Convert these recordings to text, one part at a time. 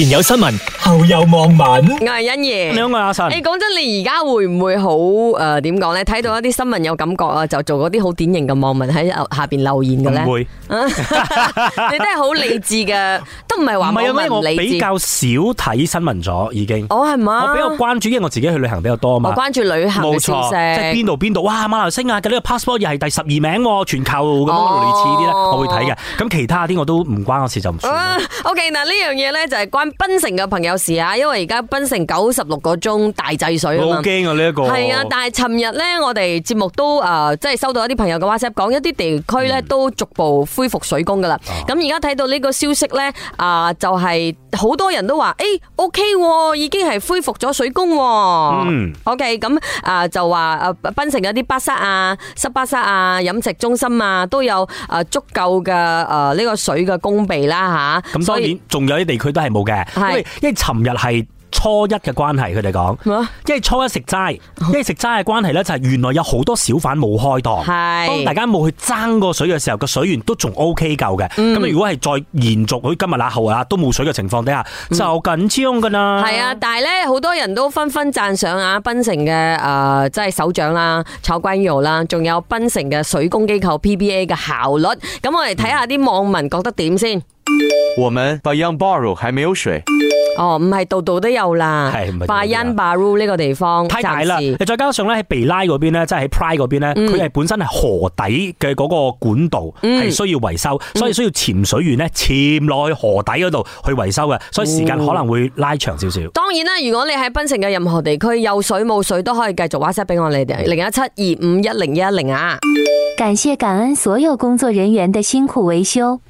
前有新聞，後有網民。我係欣爺，你好啊，我係阿晨。誒，講真，你而家會唔會好誒？點講咧？睇到一啲新聞有感覺啊，就做嗰啲好典型嘅網民喺下邊留言嘅咧？唔會，你真係好理智嘅，都唔係話唔係啊？因為？我比較少睇新聞咗，已經。哦係嘛？我比較關注，因為我自己去旅行比較多啊嘛。我關注旅行嘅消息，冇錯，即係邊度邊度。哇，馬來西亞嘅呢個 passport 又係第十二名，全球咁樣類似啲咧，我會睇嘅。咁其他啲我都唔關我事，就唔算。O K，嗱，呢樣嘢咧就係關。檳城嘅朋友時啊，因為而家檳城九十六個鐘大制水啊嘛，好驚啊，呢一個係啊，但係尋日咧我哋節目都誒即係收到一啲朋友嘅 WhatsApp 講一啲地區咧都逐步恢復水供噶啦。咁而家睇到呢個消息咧啊，就係好多人都話誒，OK，已經係恢復咗水供。嗯，OK，咁啊就話誒檳城有一啲巴剎啊、濕巴剎啊、飲食中心啊都有誒足夠嘅誒呢個水嘅供備啦吓。咁當然仲有啲地區都係冇嘅。因為因為尋日係初一嘅關係，佢哋講，因為初一食齋，因為食齋嘅關係咧，就係原來有好多小販冇開檔，當大家冇去爭過水嘅時候，個水源都仲 O K 夠嘅。咁如果係再延續好似今日啦、後日啦都冇水嘅情況底下，就緊張噶啦。係啊，但係咧好多人都紛紛讚賞啊，檳城嘅誒即係首長啦、曹觀友啦，仲有檳城嘅水供機構 P B A 嘅效率。咁我哋睇下啲網民覺得點先。我們 Bayan Baru 還沒有水哦，唔係度度都有啦。係 Bayan Baru 呢個地方太大啦，再加上咧喺皮拉嗰邊咧，即係喺 Pride 嗰邊咧，佢、嗯、係本身係河底嘅嗰個管道係、嗯、需要維修，所以需要潛水員咧潛落去河底嗰度去維修嘅，所以時間可能會拉長少少、嗯。當然啦，如果你喺檳城嘅任何地區有水冇水都可以繼續 WhatsApp 俾我，哋零一七二五一零一零啊。感謝感恩所有工作人員嘅辛苦維修。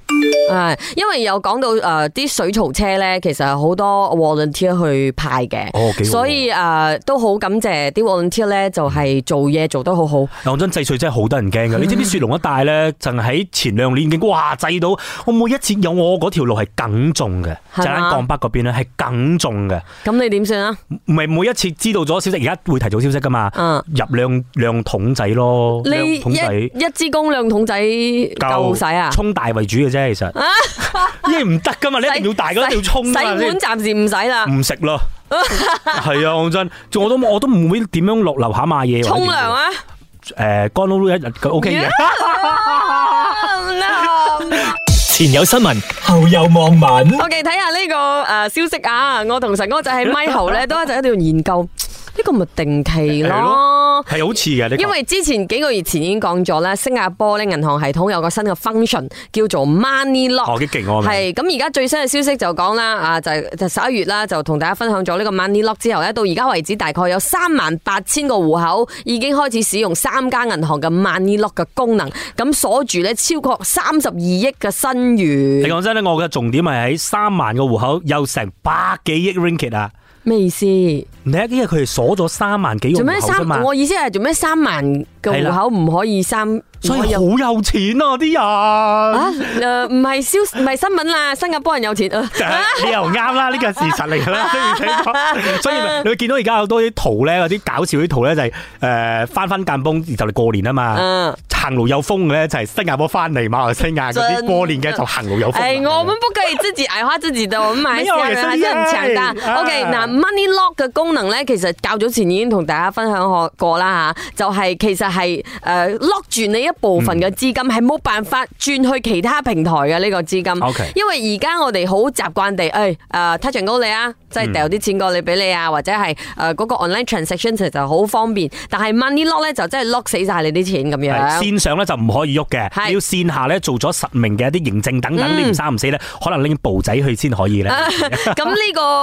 誒、哎，因為有講到誒啲水槽車咧，其實係好多 volunteer 去派嘅，所以誒都好感謝啲 volunteer 咧，就係做嘢做得好好。梁振製水真係好得人驚噶，你知唔知雪龍一帶咧，就喺前兩年已經哇制到，我每一次有我嗰條路係梗中嘅，就喺江北嗰邊咧係梗中嘅。咁你點算啊？唔係每一次知道咗消息，而家會提早消息噶嘛？嗯，入兩兩桶仔咯，兩桶仔一支公兩桶仔夠使啊？沖大為主嘅啫，其實啊。因為唔得噶嘛，你一定要，大家一定要沖啊！洗碗暫時唔使啦，唔食咯，係啊！講真，我都我都唔會點樣落樓下買嘢。沖涼啊！誒，乾撈一日佢 OK 嘅。前有新聞，後有網民。OK，睇下呢個誒消息啊！我同神哥就喺咪後咧，都一直喺度研究呢個咪定期咯。係好似嘅，因為之前幾個月前已經講咗啦。新加坡咧，銀行系統有個新嘅 function 叫做 Money Lock。哦，幾勁啊！係咁，而家最新嘅消息就講啦，啊就十一月啦，就同大家分享咗呢個 Money Lock 之後咧，到而家為止大概有三萬八千個戶口已經開始使用三家銀行嘅 Money Lock 嘅功能，咁鎖住咧超過三十二億嘅新元。你講真咧，我嘅重點係喺三萬個戶口有，有成百幾億 Ringgit 啊！咩意思？你啲嘢佢哋鎖咗三萬幾做咩？三萬？我意思係做咩三萬嘅戶口唔可以三？以所以好有錢啊啲人。誒、啊，唔、呃、係消唔係新聞啦， 新加坡人有錢。啊、你又啱啦，呢 個係事實嚟噶啦。 所以你會見到而家好多啲圖咧，嗰啲搞笑啲圖咧、就係，就係誒翻翻間崩，就嚟過年啊嘛。行路有風嘅咧，就係新加坡翻嚟馬來西亞嗰啲過年嘅就行路有風。哎，我們不可以自己矮化自己的， 我們馬來西亞人真強大。O K，嗱，Money Lock 嘅功能咧，其實較早前已經同大家分享學過啦吓，就係、是、其實係誒 lock 住你一部分嘅資金，係、嗯、冇辦法轉去其他平台嘅呢、這個資金。O、okay、K，因為而家我哋好習慣地，誒、哎、誒、呃，Touch and go 你啊。即係掉啲錢過嚟俾你啊，或者係誒嗰個 online transaction 就就好方便，但係 money lock 咧就真係 lock 死晒你啲錢咁樣。線上咧就唔可以喐嘅，你要線下咧做咗實名嘅一啲認證等等，你唔三唔四咧，可能拎簿仔去先可以咧。咁、呃、呢、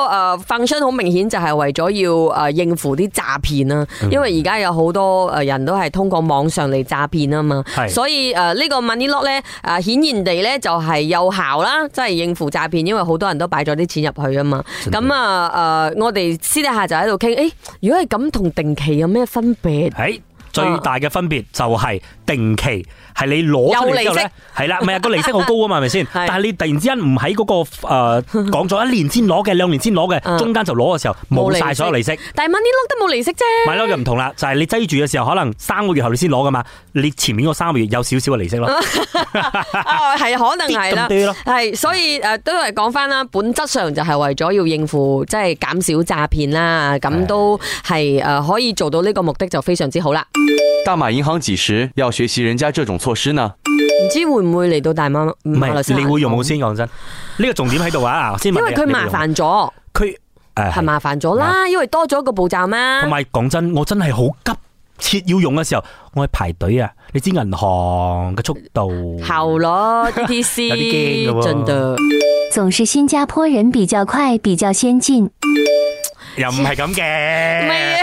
啊、個誒 function 好明顯就係為咗要誒應付啲詐騙啦、嗯，因為而家有好多人都係通過網上嚟詐騙啊嘛，所以誒呢個 money lock 咧誒顯然地咧就係有效啦，即、就、係、是、應付詐騙，因為好多人都擺咗啲錢入去啊嘛，咁、嗯啊！誒，我哋私底下就喺度傾，誒，如果係咁，同定期有咩分別？誒，最大嘅分別就係、是。定期係你攞咗之後咧，係啦，唔係個利息好高啊嘛，係咪先？但係你突然之間唔喺嗰個誒講咗一年先攞嘅，兩年先攞嘅，中間就攞嘅時候冇晒所有利息。但係萬年 lock 都冇利息啫。咪咯，就唔同啦，就係你積住嘅時候，可能三個月後你先攞噶嘛，你前面嗰三個月有少少嘅利息咯 是。係可能係啦，係 所以誒、呃、都係講翻啦，本質上就係為咗要應付，即係減少詐騙啦，咁都係誒、呃、可以做到呢個目的就非常之好啦。加埋銀行幾時要學習人家這種措施呢？唔知會唔會嚟到大媽？唔係，你會用冇先講真。呢 個重點喺度啊！因為佢麻煩咗，佢係、哎、麻煩咗啦，因為多咗一個步驟嘛。同埋講真，我真係好急，切要用嘅時候，我去排隊啊！你知銀行嘅速度，係咯，DTC 有啲驚嘅，真的。總是新加坡人比較快，比較先進。又唔係咁嘅，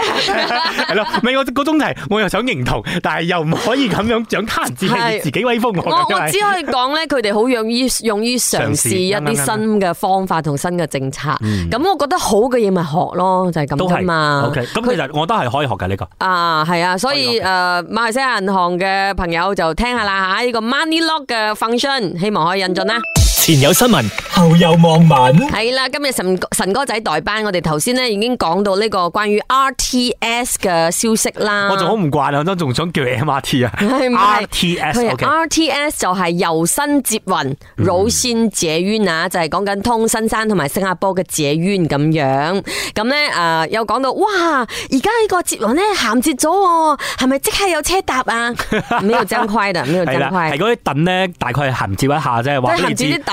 係咯，未？我個個鐘頭我又想認同，但係又唔可以咁樣長他人自己威風我。我我只可以講咧，佢哋好勇於勇於嘗試一啲新嘅方法同新嘅政策。咁、嗯、我覺得好嘅嘢咪學咯，就係咁噶嘛。OK，咁其實我都係可以學嘅呢、這個。啊，係啊，所以誒，以 uh, 馬來西亞銀行嘅朋友就聽,聽,聽一下啦吓，呢個 Money Lock 嘅 function，希望可以引進啦。前有新聞，後有網民。係啦，今日神，神哥仔代班，我哋頭先咧已經講到呢個關於 R T S 嘅消息啦。我仲好唔慣，我都仲想叫 M R T 啊。R T S，R T S 就係由新捷運，路線捷運啊，就係講緊通新山同埋新加坡嘅捷運咁樣。咁咧、呃、又講到哇，而家呢個捷運咧銜接咗，係咪即係有車搭啊？呢個正規嘅，呢個真規。係嗰啲凳咧，係大概銜接一下啫，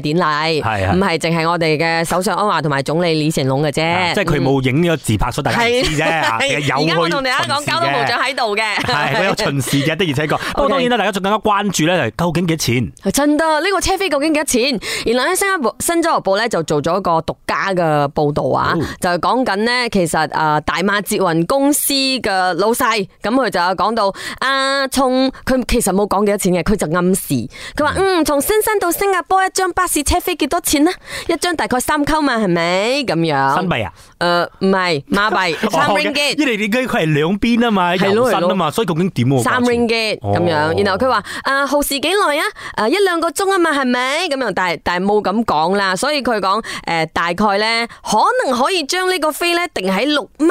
典禮係係唔係淨係我哋嘅首相安華同埋總理李成龍嘅啫，即係佢冇影咗自拍出大件事啫。而家我同大家講，交通部長喺度嘅，係佢有巡視嘅，的而且確。不過當然啦，大家仲更加關注咧，究竟幾錢？真多呢，這個車飛究竟幾多錢？原來咧，新加坡新州日報咧就做咗一個獨家嘅報道啊，就係講緊呢其實大馬捷運公司嘅老細，咁佢就有講到啊，從佢其實冇講幾多錢嘅，佢就暗示，佢話嗯，從新山到新加坡一張八。試車飛幾多錢啊？一張大概三勾嘛，係咪咁樣？新幣啊？誒，唔係馬幣三 ringgit。因為點解佢係兩邊啊嘛，係咯係咯，所以究竟點喎？三 ringgit 咁樣。然後佢話誒，耗時幾耐啊？誒，一兩個鐘啊嘛，係咪咁樣？但係但係冇咁講啦。所以佢講誒，大概咧可能可以將呢個飛咧定喺六蚊。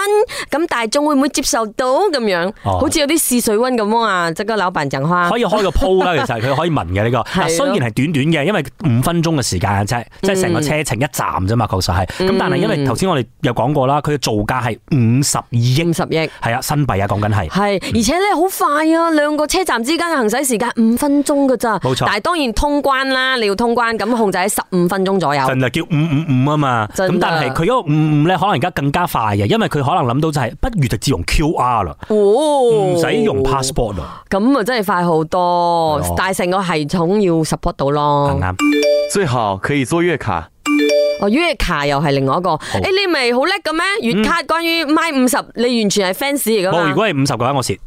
咁大眾會唔會接受到咁樣？好似有啲試水溫咁啊，即個老闆仲開可以開個鋪啦。其實佢可以聞嘅呢個。嗱，雖然係短短嘅，因為五分鐘。嘅時間啫，即係成個車程一站啫嘛。確實係咁，但係因為頭先我哋有講過啦，佢嘅造價係五十二億，五十億係啊，新幣啊，講緊係係，而且咧好快啊，兩個車站之間嘅行駛時間五分鐘噶咋，冇錯。但係當然通關啦，你要通關咁控制喺十五分鐘左右。就叫五五五啊嘛，咁但係佢嗰個五五咧，可能而家更加快嘅，因為佢可能諗到就係不如直接用 Q R 啦、哦，唔使用,用 passport 咯。咁啊，真係快好多，哦、但係成個系統要 support 到咯。最好可以做月卡，哦，月卡又係另外一個，誒、oh. 欸、你咪好叻嘅咩？月卡關於買五十，你完全係 fans 嚟噶嘛？如果係五十嘅話我， 我蝕，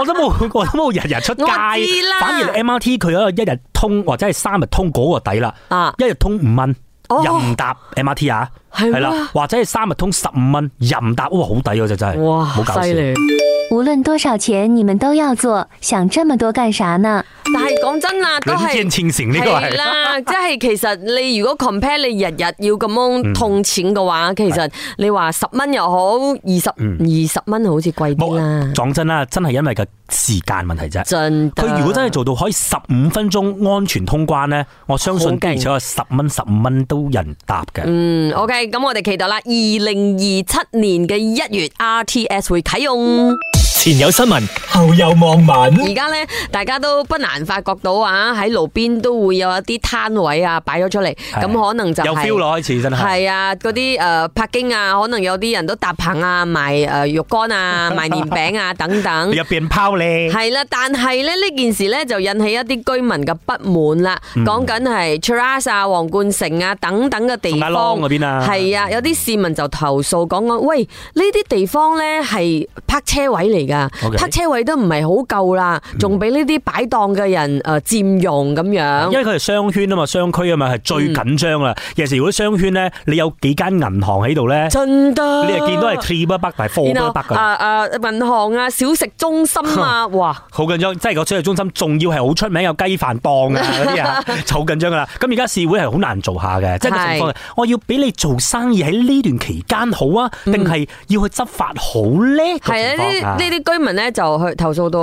我都冇，我都冇日日出街，反而 MRT 佢嗰個一日通或者係三日通嗰個抵啦，啊，一日通五蚊，任搭 MRT 啊，係啦，或者係三日通十五蚊，任搭哇好抵喎，就真係、啊哦啊啊啊，哇好犀利。無論多少錢，你們都要做。想這麼多幹啥呢？嗯、但係講真啦，都係一見呢個係啦，即係其實你如果 compare 你日日要咁樣痛錢嘅話，嗯，其實你話十蚊又好，二十二十蚊好似貴啲啦。講真啦，真係因為個時間問題啫。真的。佢如果真係做到可以十五分鐘安全通關呢，我相信而且十蚊十五蚊都人搭嘅。嗯，OK，咁我哋期待啦，二零二七年嘅一月 RTS 會啟用。前有新聞，後有網民。而家咧，大家都不難發覺到啊！喺路邊都會有一啲攤位啊，擺咗出嚟，咁可能就係 feel 咯，開始真係係啊！嗰啲誒 parking 啊，可能有啲人都搭棚啊，賣誒肉乾啊，賣年餅啊等等。入邊拋你係啦，但係咧呢件事咧就引起一啲居民嘅不滿啦。講緊係 Cheras 啊、黃冠城啊等等嘅地方嗰邊啊，係啊，有啲市民就投訴講講喂，呢啲地方咧係泊車位嚟嘅。泊、okay，車位都唔係好夠啦，仲俾呢啲擺檔嘅人誒佔用咁樣，嗯。因為佢係商圈啊嘛，商區啊嘛係最緊張啦。有、嗯、時如果商圈咧，你有幾間銀行喺度咧，你係見到係 trip 都得，係貨都 u 㗎。然、啊、後銀行啊，小食中心啊，哇，好緊張，即係個小食中心，仲要係好出名有雞飯檔啊嗰啲啊，好 緊張㗎啦。咁而家市會係好難做下嘅， 即係個情況我要俾你做生意喺呢段期間好啊，定、嗯、係要去執法好咧嘅，那個、情居民咧就去投訴到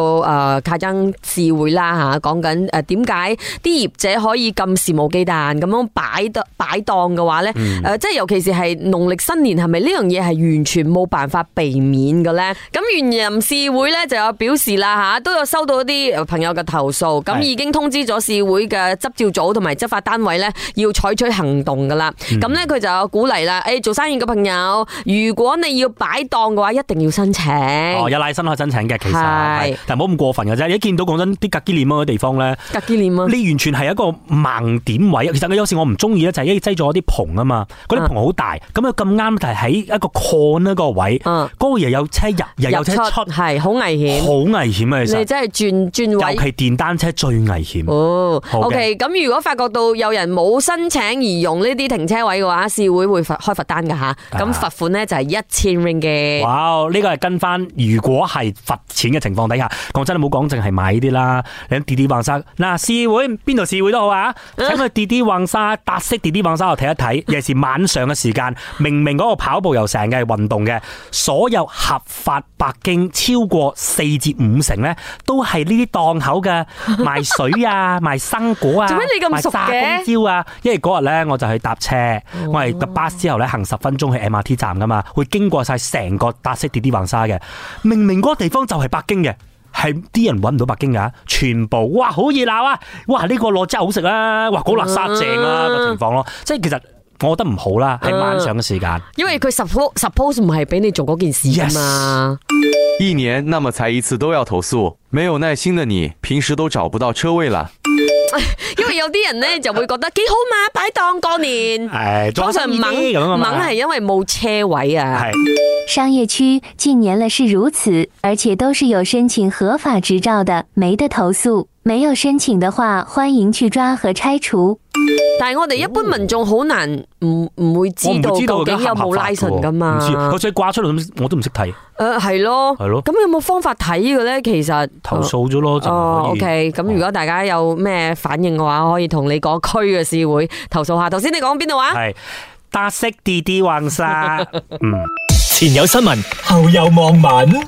誒太增市會啦嚇，講緊誒點解啲業者可以咁肆無忌憚咁樣擺得擺檔嘅話咧？誒即係尤其是係農曆新年，係咪呢樣嘢係完全冇辦法避免嘅咧？咁原任市會咧就有表示啦嚇，都有收到一啲朋友嘅投訴，咁已經通知咗市會嘅執照組同埋執法單位咧，要採取行動嘅啦。咁咧佢就有鼓勵啦，誒做生意嘅朋友，如果你要擺檔嘅話，一定要申請。哦，有拉新。申請嘅其實，是但係冇咁過分嘅啫。一見到講真，啲格基鏈啊啲地方咧，格堅鏈完全係一個盲點位。其實有時我唔中意咧，就係因為擠咗啲棚啊嘛，嗰啲棚好大，咁又咁啱就係喺一個 corner 個位，嗰、啊、個又有車入，又有車出，係好危險，好危險啊！其實你真係轉轉位，尤其是電單車最危險。哦，OK，咁如果發覺到有人冇申請而用呢啲停車位嘅話，市會會罰開罰單嘅吓。咁罰款咧就係一千 ring 嘅。哇，呢、這個係跟翻，如果係係罰錢嘅情況底下，講真的沒說，你冇講淨係買呢啲啦。你睇滴滴橫沙，嗱、啊，市會邊度市會都好啊。請去滴滴橫沙，搭色滴滴橫沙我睇一睇。尤其是晚上嘅時間，明明嗰個跑步又成嘅運動嘅，所有合法白徑超過四至五成咧，都係呢啲檔口嘅賣水啊、賣生果啊、做咩你咁熟嘅？ 賣炸香蕉啊。因為嗰日咧，我就去搭車，我係搭巴士之後咧行十分鐘去 MRT 站噶嘛，會經過晒成個搭色滴滴橫沙嘅。明明、那、個嗰、那個、地方就係北京嘅，係啲人揾唔到北京噶，全部哇好熱鬧啊，哇呢、這個落真係好食啊！哇好、那個、垃圾正啊、uh，個情況咯，即係其實我覺得唔好啦，係晚上嘅時間，因為佢 suppose suppose 唔係俾你做嗰件事啊嘛。Yes. 一年那麼才一次都要投訴，沒有耐心的你，平時都找不到車位啦。 因為有啲人呢就會覺得幾 好嘛，擺檔過年，早、哎、上猛猛係因為冇車位啊。啊商業區近年了是如此，而且都是有申請合法執照的，沒得投訴。沒有申請的話，歡迎去抓和拆除。但係我哋一般民眾好難唔唔會知道，會知道究竟合合有冇拉繩噶嘛？我、啊、唔、啊、知道，好似掛出嚟咁，我都唔識睇。誒，係、啊、咯，係咯。咁有冇方法睇嘅咧？其實投訴咗咯，就唔可以。O K，咁如果大家有咩反應嘅話，可以同你個區嘅市會投訴下。頭先你講邊度啊？係德式滴 D 黃沙。 嗯，前有新聞，後有網民。